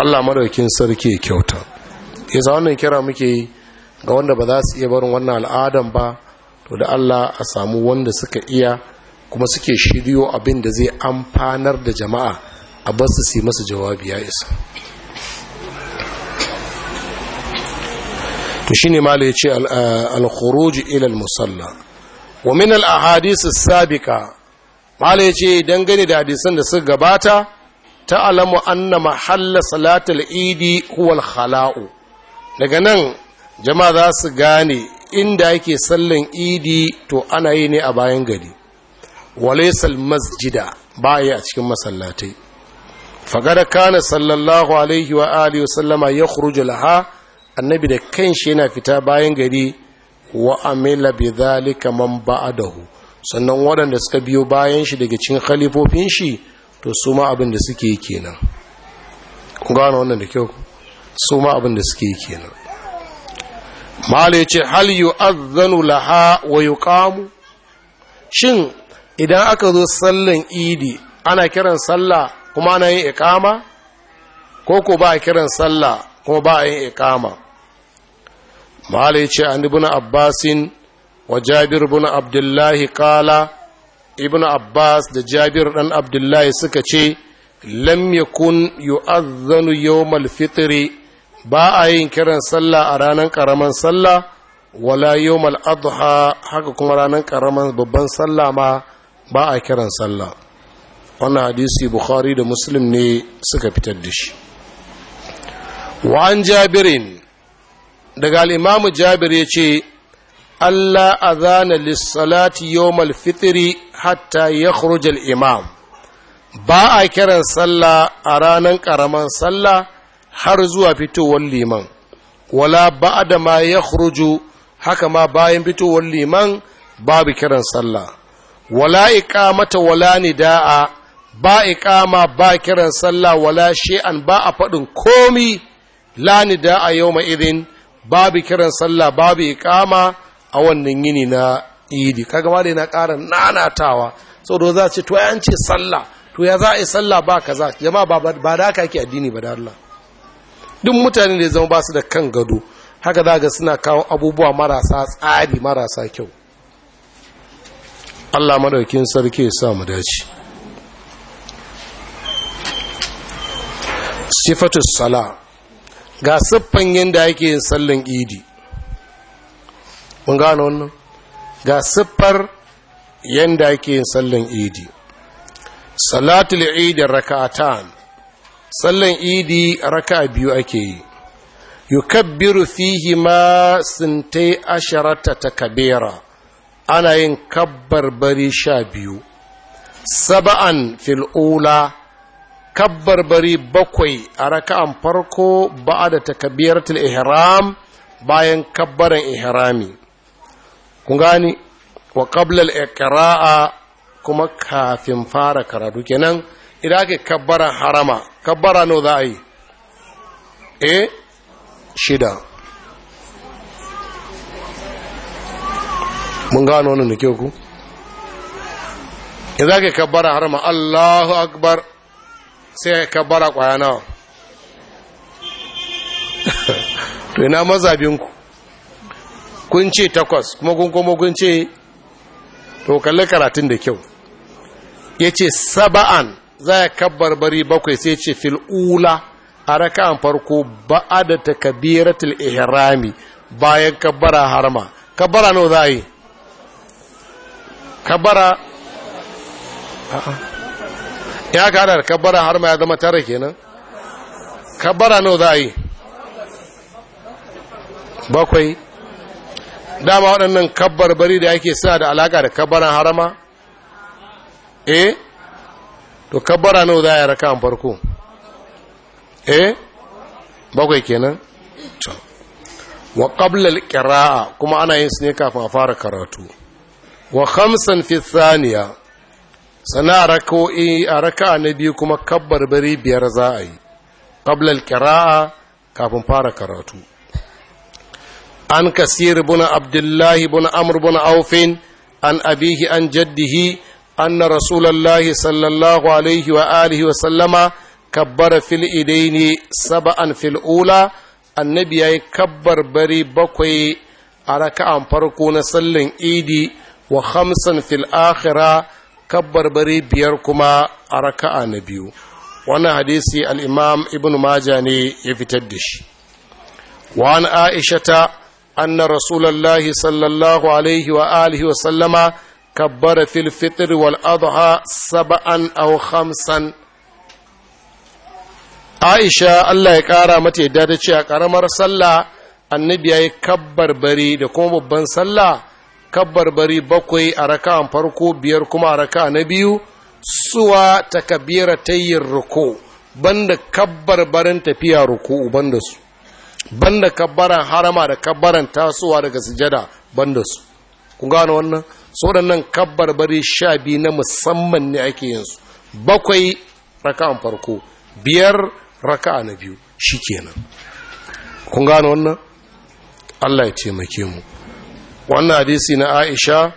Allah madaukin sarki kyauta yasa wannan kira muke yi ga wanda ba za su iya barin wannan al'adan ba to da Allah a samu wanda suka iya kuma suke shiryo abin da zai amfanar da jama'a a basu su si masa jawabi ya isa to shine mala ya ce al-khuruj ila al-musalla wa min al-ahadith mala ya ce gani da hadisan da suka gabata ta alamu anna mahalla salatul idi huwal khala'u daga nan jama'a za su gane inda yake sallan idi to ana yi ne a bayan gari walaisal masjida ba yi a cikin masallatai fagada kana sallallahu alaihi wa alihi wasallama ya khuruju laha annabi da kanshi yana fita bayan gari wa amila bi dhalika man ba'adahu sannan waɗanda suka biyo bayan shi daga cikin khalifofin shi to su ma abin da suke kenan ku gano wannan da kyau su ma abin da suke kenan malai ce hal azzanu laha wa yuqamu shin idan aka zo sallan idi ana kiran sallah kuma ana yin ikama ko ko ba kiran sallah kuma ba yin ikama malai ce an ibn abbasin wa jabir bin abdullahi kala ibn abbas da jabir ɗan abdullahi suka ce lam yakun yu'adhanu yawmal fitri ba a yin kiran sallah a ranar karaman sallah wala yawmal adha haka kuma ranar karaman babban sallah ma ba a kiran sallah wannan hadisi bukhari da muslim ne suka fitar da shi wa jabirin daga al'imamu jabir ya ce Allah azana lissalati yawmal fitri hatta yakhruj al-imam ba a kiran sallah a ranar karaman sallah har zuwa fitowar liman wala ba'da ma yakuruju haka ma bayan fitowar liman babu kiran sallah wala iqamata wala nidaa ba iqama ba kiran sallah wala shay'an ba a fadin komi la nidaa yawma idin babu kiran sallah babu iqama a wannan yini na idi kaga ma da yana ƙara nanatawa saboda za ce to ya ce sallah to ya za a yi sallah ba kaza jama'a ba da aka yake addini ba da Allah duk mutane da ya zama ba su da kan gado haka za ga suna kawo abubuwa marasa tsari marasa kyau Allah madaukin sarki ya sa dace sifatu sala ga siffan yanda yake yin sallan idi mun gano wannan ga siffar yanda ake yin sallan idi salatul idi raka'atan sallan idi raka'a biyu ake yi yukabbiru fihi ma sintai asharata takabira ana yin kabbar bari sha biyu saba'an fil'ula kabbar bari bakwai a raka'an farko ba'a da takabiratul ihram bayan kabbaran ihrami kun gani wa qablal iqra'a kuma kafin fara karatu kenan idan ake kabbara harama kabbara no za a yi e shida mun gano wani da ku idan ake kabbara harama Allahu akbar sai kabbara kwaya nawa (laughs) to ina mazabinku kun ce takwas kuma kun kuma kun ce to kalli karatun da kyau ya ce saba'an za ya kabbar bari bakwai sai ce fil'ula a raka'an farko ba'a da takabiratul ihrami bayan kabbara harma kabbara nawa za a yi kabbara ya kada kabbara harma ya zama tara kenan kabbara nawa za a yi bakwai dama waɗannan kabbar bari da yake sa da alaƙa da kabbaran harama eh to kabbara nawa za a yi raka an farko eh bakwai kenan wa qablal ƙira'a kuma ana yin su ne kafin a fara karatu wa hamsan fi sana a raka'a na biyu kuma kabbar bari biyar za a yi ƙablar ƙira'a kafin fara karatu an kasir bin abdullahi bin amr bin aufin an abihi an jaddihi أن رسول الله صلى الله عليه وآله وسلم كبر في الإيدين سبعا في الأولى النبي كبر بري بقوي أركع فرقون سلن إيدي وخمسا في الآخرة كبر بري بيركما أركع نبيو وانا حديثي الإمام ابن ماجاني يفتدش وعن عائشة أن رسول الله صلى الله عليه وآله وسلم كبر في الفطر والأضحى سبعا أو خمسا عائشة الله يكارا متى دادتشي أكرمر صلى annabi ya yi bari da kuma babban sallah bari bakwai a raka farko biyar kuma a raka na biyu suwa kabira ta yin ruko banda kabbarbarin tafiya ruku banda su banda kabbaran harama da kabbaran tasowa daga sujada banda su kun gano wannan nan kabbar bari sha biyu na musamman ne ake yin bakwai raka'an farko biyar raka'a na biyu shikenan kun gano wannan Allah ya taimake mu wannan hadisi na Aisha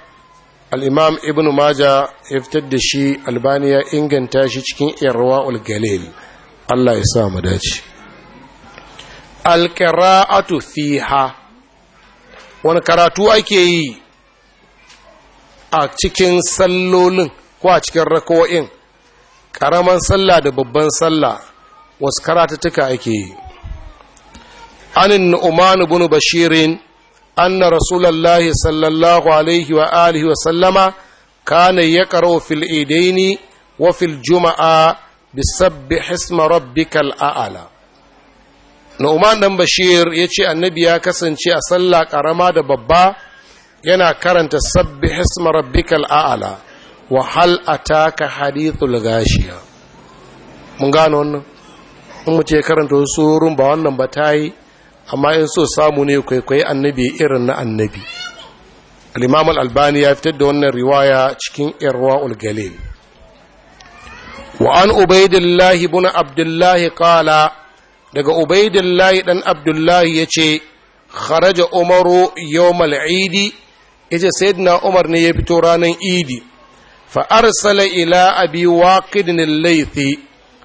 al-Imam Ibn Majah ya fitar da shi Albaniya inganta shi cikin ul Galil Allah ya sa mu dace alƙira'atu fiha wani karatu ake yi a cikin sallolin ko a cikin rako'in ƙaraman sallah da babban sallah wasu karatattuka ake yi anin nu'man bunu bashirin anna rasulallah sallallahu alaihi wa alihi wa sallama kana yaqra'u fil idaini wa fil juma'a bisabbi hisma rabbikal a'la Nu'man dan Bashir ya ce annabi ya kasance a sallah ƙarama da babba yana karanta sabbi hisma rabbikal a'ala wa hal ataka hadithul gashiya mun gano wannan in mutum ya karanta wasu surun ba wannan ba ta yi amma in so samu ne kwaikwayi annabi irin na annabi al-imam al-albani ya fitar da wannan riwaya cikin irwaul galil wa an ubaidillahi ibn abdullahi qala daga ubaidillahi dan abdullahi ya ce kharaja umaru yawmal idi yace sayyidina umar ne ya fito ranar idi fa arsala ila abi waqidin al-laythi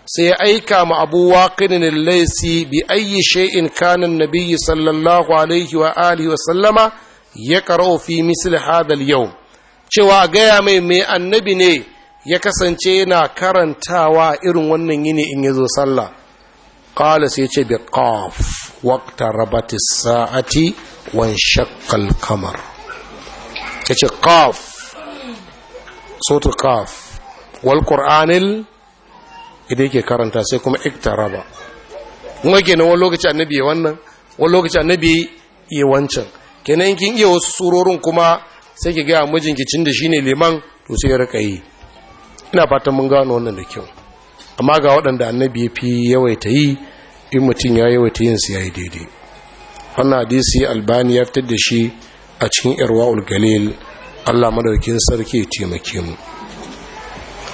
sai aika ma abu waqidin al-laythi bi ayyi shay'in kana an-nabiy sallallahu alaihi wa alihi wa sallama ya karo fi misl hadha al-yawm cewa gaya mai mai annabi ne ya kasance yana karantawa irin wannan yini in ya zo sallah qala sai ce bi qaf waqta rabati sa'ati wa shaqqa al-qamar yace qaf sautu qaf wal qur'anil idan yake karanta sai kuma iktaraba kuma kenan wani lokaci annabi ya wannan wani lokaci annabi ya wancan kenan kin iya wasu surorin kuma sai ki gaya mijinki cin da shine liman to sai ya rika yi ina fatan mun gano wannan da kyau amma ga waɗanda annabi ya fi yawaita yi in mutum ya yawaita yin su ya yi daidai wannan hadisi albani ya fitar da shi a cikin irwa ulgalil allah madaukin sarki ya taimake mu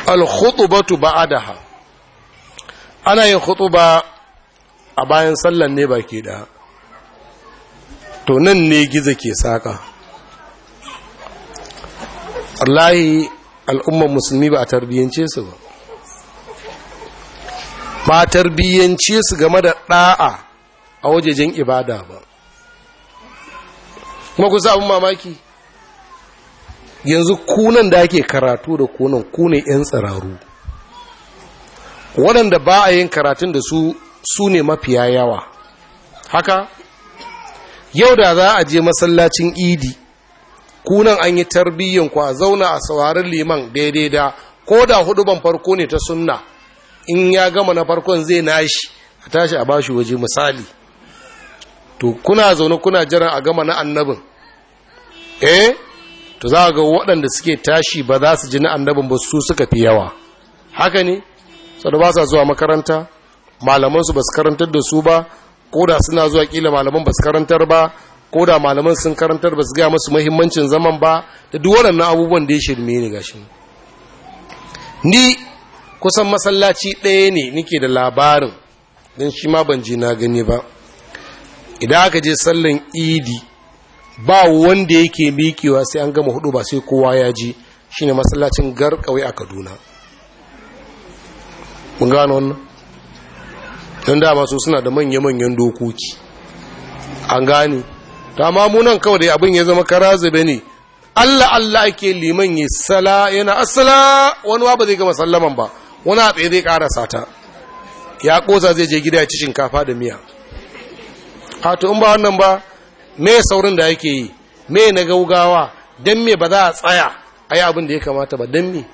al ba adaha. ana yin khutuba a bayan sallan ne baki da to nan ne gizo ke saka wallahi al'ummar musulmi ba a tarbiyyance su ba ba tarbiyyance su game da ɗa'a a wajejen ibada ba kuma ku abin mamaki yanzu kunan da ake karatu da kunan kune 'yan tsiraru waɗanda ba a yin karatun da su su ne mafiya yawa haka yau da za a je masallacin idi kunan an yi tarbiyyanku a zauna a saurarin liman daidai da ko da hudu ban farko ne ta sunna in ya gama na farkon zai nashi a tashi a bashi waje misali to kuna zaune kuna jiran a gama na annabin eh to za ga waɗanda suke tashi ba za su ji na annabin ba su suka fi yawa haka ne sau ba sa zuwa makaranta malamansu ba su karantar da su ba ko da suna zuwa kila malaman ba su karantar ba ko da malaman sun karantar ba su gaya masu mahimmancin zaman ba da duk waɗannan abubuwan da ya shirme ne gashi ni kusan masallaci ɗaya ne nike da labarin don shi ma ban je na gani ba idan aka je sallan idi ba wanda yake mikewa sai an gama hudu ba sai kowa ya ji ne masallacin garkawai a kaduna mun gano wannan don dama su suna da manya-manyan dokoki an gane ta mamunan kawai da abin ya zama kara zabe ne allah allah ake liman ya sala yana asala wani wa zai gama sallaman ba wani a zai karasa sata ya kosa zai je gida ya ci shinkafa da miya hato in ba wannan ba me saurin da yake yi me na gaugawa don me ba za a tsaya a yi abin da ya kamata ba don me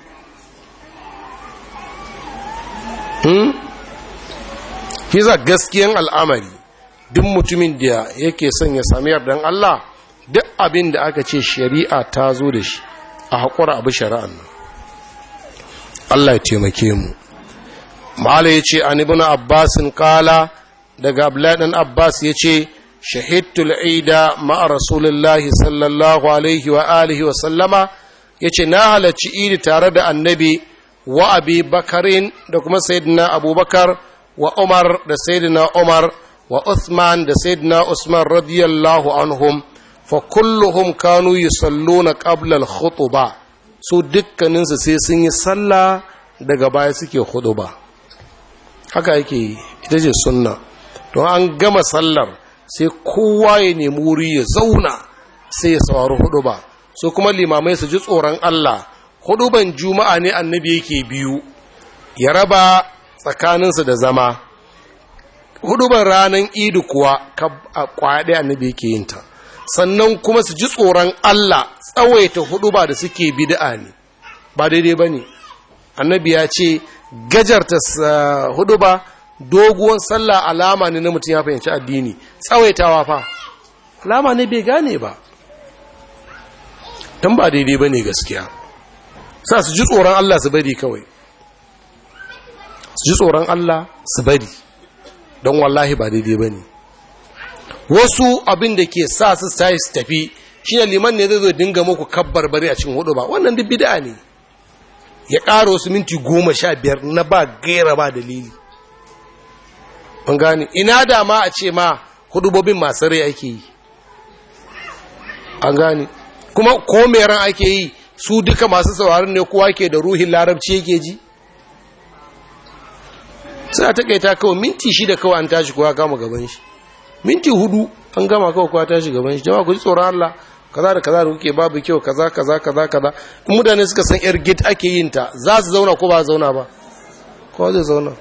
fi hmm? za gaskiyan al'amari duk mutumin da yake son ya sami yardan Allah duk abin da aka ce shari'a ta zo da shi a haƙura abu shari'an nan Allah ya taimake mu mala ya ce an ibn abbasin kala daga ɗan abbas ya ce shahidtul ida ma'a rasulullahi sallallahu alaihi wa alihi wa sallama ya ce na halarci idi tare da annabi wa abi bakarin da kuma Sayyidina abubakar wa umar da Sayyidina umar wa uthman da Sayyidina usman radiyallahu anhum fa kulluhum kanu yusalluna qabla al-khutbah su dukkaninsu sai sun yi sallah daga baya suke hudu ba haka yake yi ita ce sunna don an gama sallar sai kowa ya nemi wuri ya zauna sai ya saurari hudu ba su kuma limamai su ji tsoron Allah hudu ban juma'a ne annabi yake biyu ya raba tsakaninsu da zama hudu ban ranar idu kuwa a kwaɗe annabi yake yinta sannan kuma su ji tsoron Allah tsawaita hudu ba da suke bid'a ne ba daidai ba ne annabi ya ce gajarta uh, hudu ba doguwan sallah alama ne na mutum ya fahimci addini tsawaitawa fa alama ne bai gane ba tun ba daidai ba ne gaskiya sa su ji tsoron Allah su bari kawai su ji tsoron Allah su bari don wallahi ba daidai ba ne wasu abin da ke sa su sai su tafi shi shine liman ne zai zo dinga muku kabbar bari a cikin hudu ba wannan duk bid'a ne ya ƙara wasu minti goma sha biyar na ba gaira ba dalili ban gane ina da ma a ce ma bobin masu rai ake yi an gane kuma ko ran ake yi su duka masu sauraron ne kowa ke da ruhin larabci yake ji suna takaita kawai minti shi da kawai an tashi kowa kama gaban shi minti hudu an gama kawai kwa tashi gaban shi jama'a ku ji tsoron Allah kaza da kaza da kuke babu kyau kaza kaza kaza kaza in mutane suka san yar gate ake yin ta za su zauna ko ba zauna ba kowa zai zauna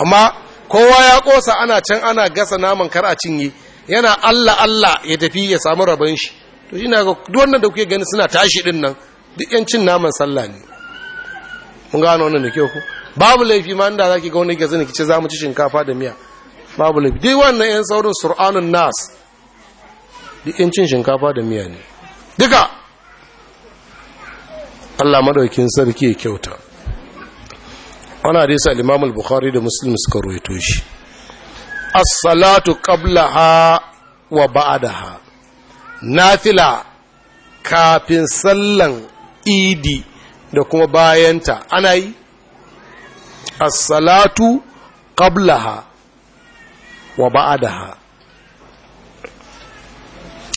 amma kowa ya kosa ana can ana gasa naman kar a cinye yana Allah Allah ya tafi ya samu rabon shi to shi na duk wannan da kuke gani suna tashi din nan duk cin naman sallah ne mun gano wannan da kyau ku babu laifi ma inda zaki ga wani gazi ne kice za mu ci shinkafa da miya babu lafi dai wannan yan saurin sur'anun nas duk yan cin shinkafa da miya ne duka Allah maɗaukin sarki ya kyauta Wani hadisi al bukhari da Muslim suka ruwaito shi as-salatu qablaha wa ba'daha nafila kafin sallan idi da kuma bayanta ana yi Asalatu salatu qablaha wa ba'adaha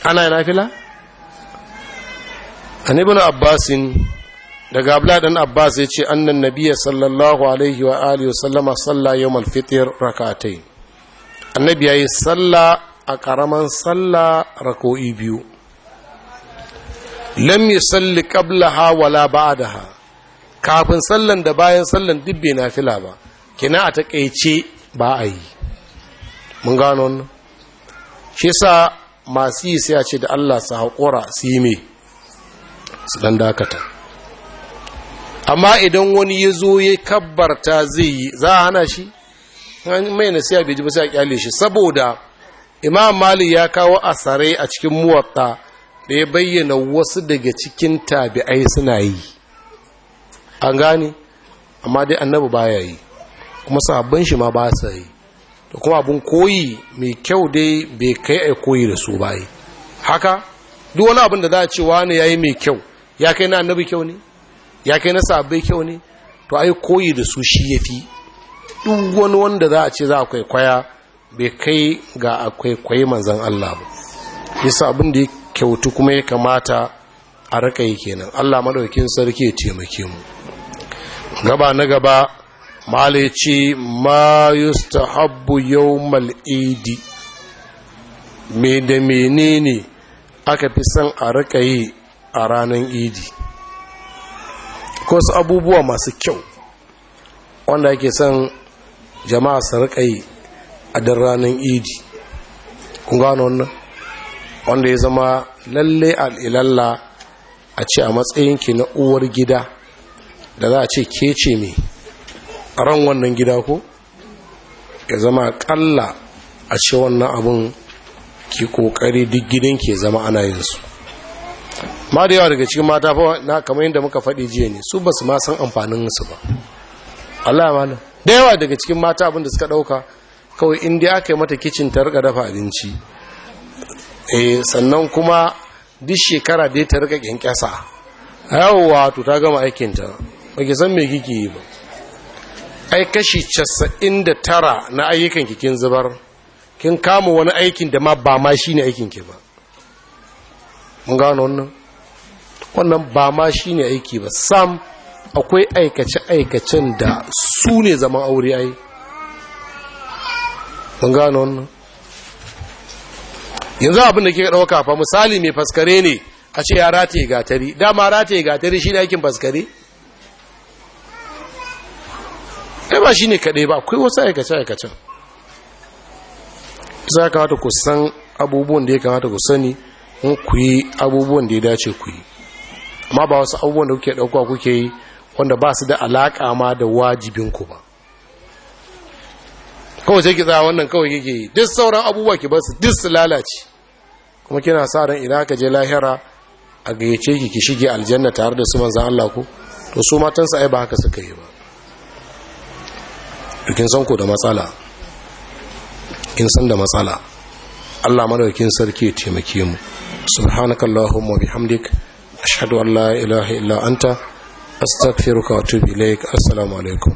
ana yana fila? an ibn abbasin daga abladan abbas ya ce annan nabiya sallallahu alaihi wa alihi wa sallama salla yau malfitir rakatai annabi ya yi salla a ƙaraman salla rako'i biyu lam yi salli ha wala ba'adaha kafin sallan da bayan sallan dubbe na fila ba kina a taƙaice ba a yi mun gano wannan shi sa masu yi sai a ce da Allah su haƙura su yi me su ɗan dakata amma idan wani ya zo ya kabbarta zai yi za a hana shi mai nasiya bai ji ba sai a kyale shi saboda imam mali ya kawo a tsare a cikin muwatta da ya bayyana wasu daga cikin tabi'ai suna yi an gane amma dai annabi baya yi kuma sahabban shi ma ba sa yi da kuma abin koyi mai kyau dai bai kai a koyi da su bayi haka duk wani abin da za a ce wani ya yi mai kyau ya kai na annabi kyau ne ya kai na sabbai kyau ne to ai koyi da su shi ya fi duk wani wanda za a ce za a kwaikwaya bai kai ga a kwaikwayi manzan Allah ba yasa abin da ya kyautu kuma ya kamata a raka yi kenan Allah madaukin sarki ya taimake mu gaba na gaba ce ma Habu yau idi me da menene aka fi son a rika yi a ranar idi ko su abubuwa masu kyau wanda ake son jama'a su rika yi a dan ranar idi kun gano wannan wanda ya zama lalle al'ilalla a ce a matsayinki na uwar gida da za a ce ke ce mai A ran wannan gida ko ya zama kalla a ce wannan abin ki kokari duk gidan ke zama ana yin su ma da yawa daga cikin mata fa na kamar yadda muka faɗi jiya ne su ba su ma san amfanin su ba Allah mana da yawa daga cikin mata abin da suka ɗauka kawai in dai aka yi mata kicin ta rika dafa abinci eh sannan kuma duk shekara dai ta rika kyankyasa yawa to ta gama aikinta ba ki san me kike yi ba ai kashi casa'in da tara na ayyukan kin zubar kin kama wani aikin da ma ba ma shi ne aikin ki ba mun gano wannan wannan ba ma shi ne aiki ba sam akwai aikace-aikacen da su ne zama aure ai mun gano wannan yanzu abin da ke ɗauka fa misali mai faskare ne a ce ya rataye gatari dama rataye gatari shi ne aikin faskare ai ba shi ne kaɗai ba akwai wasu aikace-aikacen za ka wata ku san abubuwan da ya kamata ku sani in ku yi abubuwan da ya dace ku yi amma ba wasu abubuwan da kuke ɗauka kuke yi wanda ba su da alaƙa ma da wajibinku ba kawai sai ki tsaya wannan kawai kike yi duk sauran abubuwa ki basu duk su lalace kuma kina sa ran idan ka je lahira a gayyace ki ki shige aljanna tare da su manzan Allah ko to su matansa ai ba haka suka yi ba kin san ko da matsala kin san da matsala Allah madaukakin sarki ya taimake mu subhanakallahumma bihamdik ashhadu an la ilaha illa anta astaghfiruka wa atubu ilaik assalamu alaikum